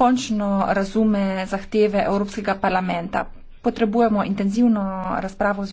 končno razume zahteve Evropskega parlamenta. Potrebujemo intenzivno razpravo z